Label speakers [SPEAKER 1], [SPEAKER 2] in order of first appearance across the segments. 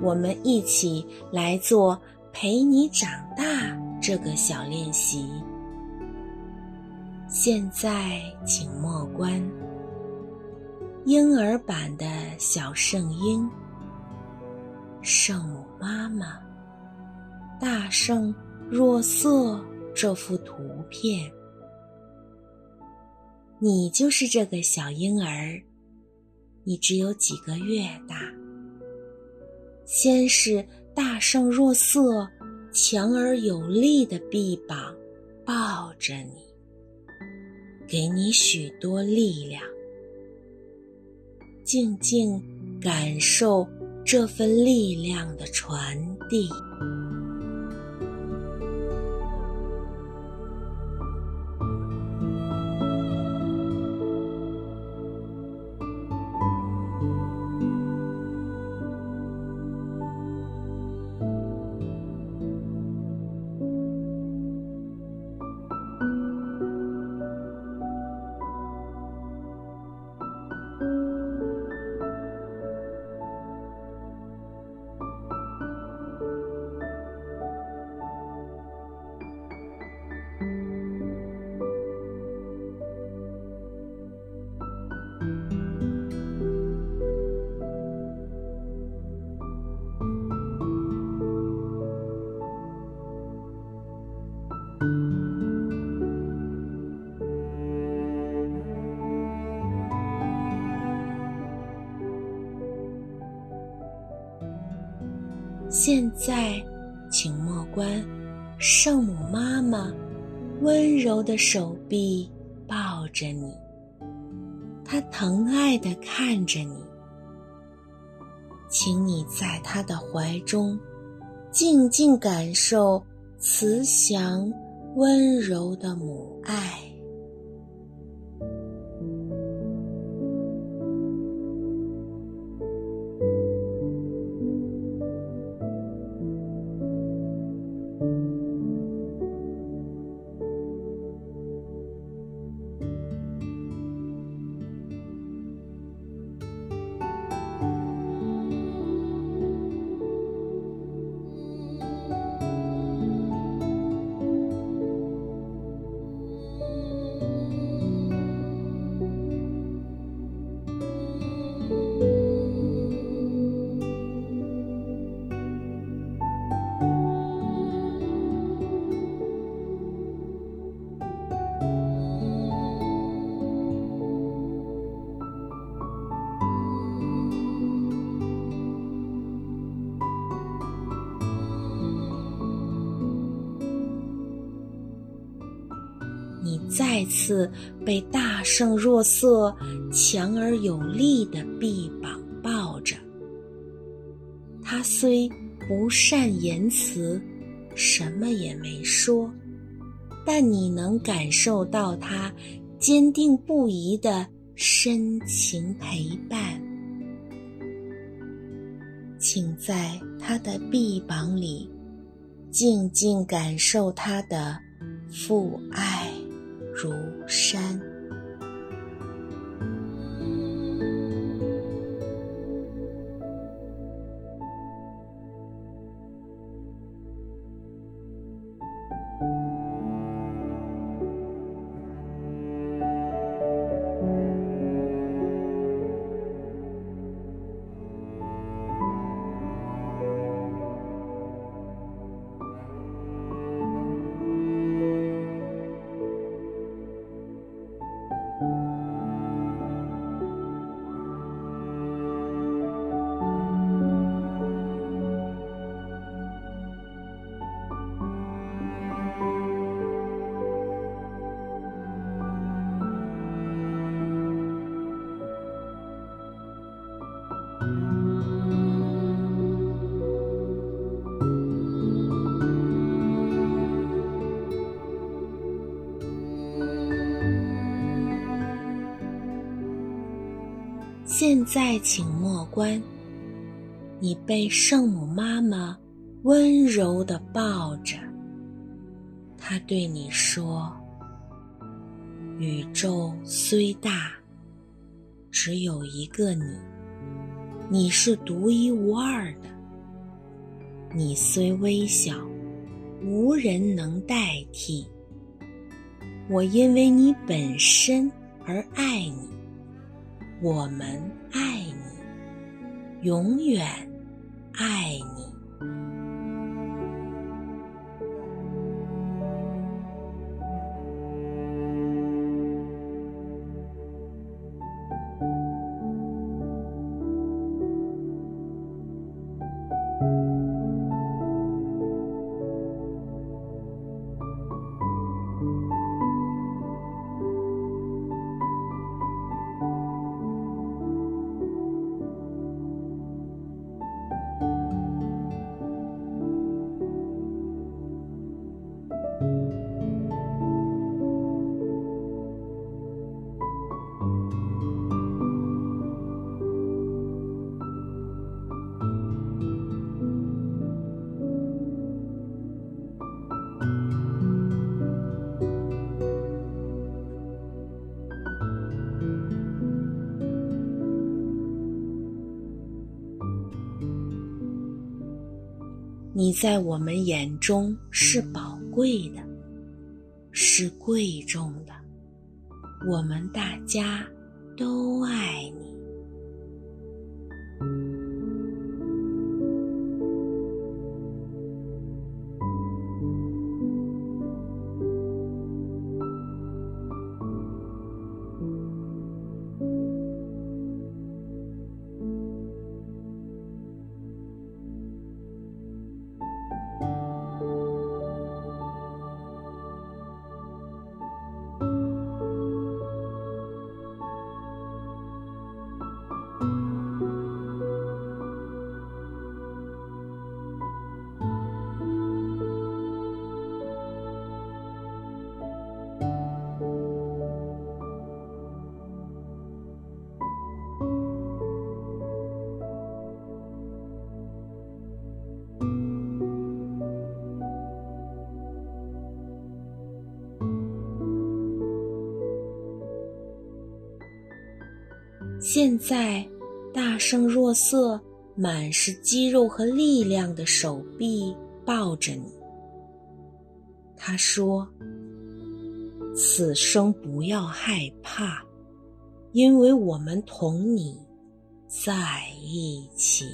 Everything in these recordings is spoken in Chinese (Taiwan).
[SPEAKER 1] 我們一起來做“陪你長大”這個小練習。現在，請默觀“嬰兒版的小聖嬰、聖母媽媽、大聖若瑟”這幅圖片。你就是這個小嬰兒，你只有幾個月大。先是大聖若瑟，強而有力的臂膀抱着你，給你許多力量。靜靜感受這份力量的傳遞。現在，請默觀聖母媽媽溫柔的手臂抱着你，她疼愛地看着你，請你在她的懷中靜靜感受慈祥。溫柔的母愛。被大聖若瑟、強而有力的臂膀抱着，他雖不善言辭，什麼也沒說，但你能感受到他堅定不移的深情陪伴。請在他的臂膀裡，靜靜感受他的父愛。如山。現在，請默觀。你被聖母媽媽溫柔的抱着。她對你說：“宇宙雖大，只有一個你，你是獨一無二的。你雖微小，無人能代替。我因為你本身而愛你。”我們愛你，永遠愛你。你在我們眼中是寶貴的，是貴重的，我們大家都愛你。現在，大聖若瑟滿是肌肉和力量的手臂抱着你。他說：“此生不要害怕，因為我們同你在一起。”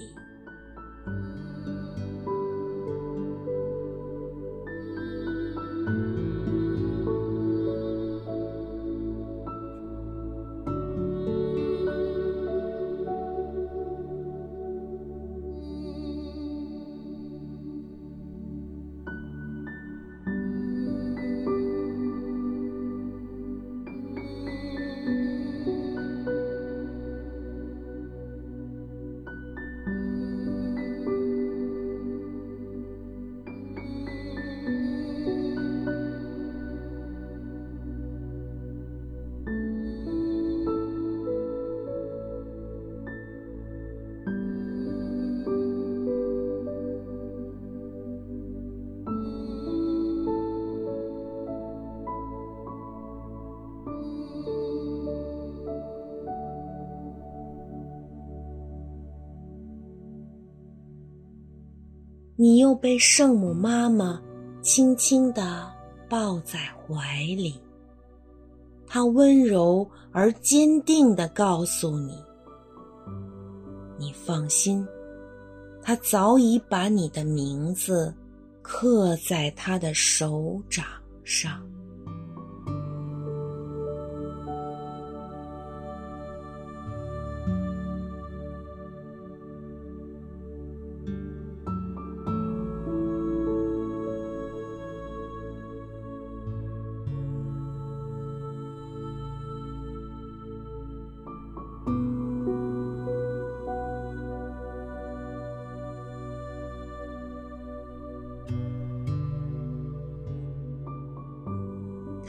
[SPEAKER 1] 你又被聖母媽媽輕輕地抱在懷裡，她溫柔而堅定地告訴你：“你放心，他早已把你的名字刻在他的手掌上。”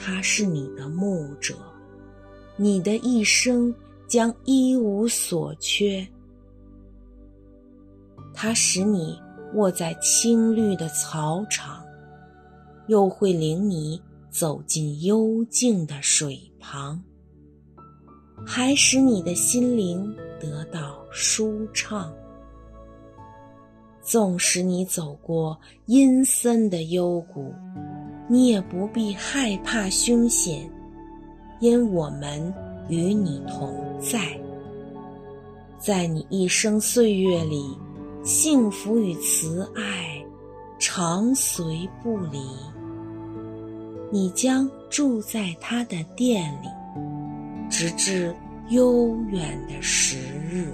[SPEAKER 1] 他是你的牧者，你的一生將一無所缺。他使你臥在青綠的草場，又會領你走近幽靜的水旁，還使你的心靈得到舒暢。縱使你走過陰森的幽谷，你也不必害怕凶險，因我們與你同在。在你一生歲月裡，幸福與慈愛常隨不離。你將住在他的殿裡，直至悠遠的時日。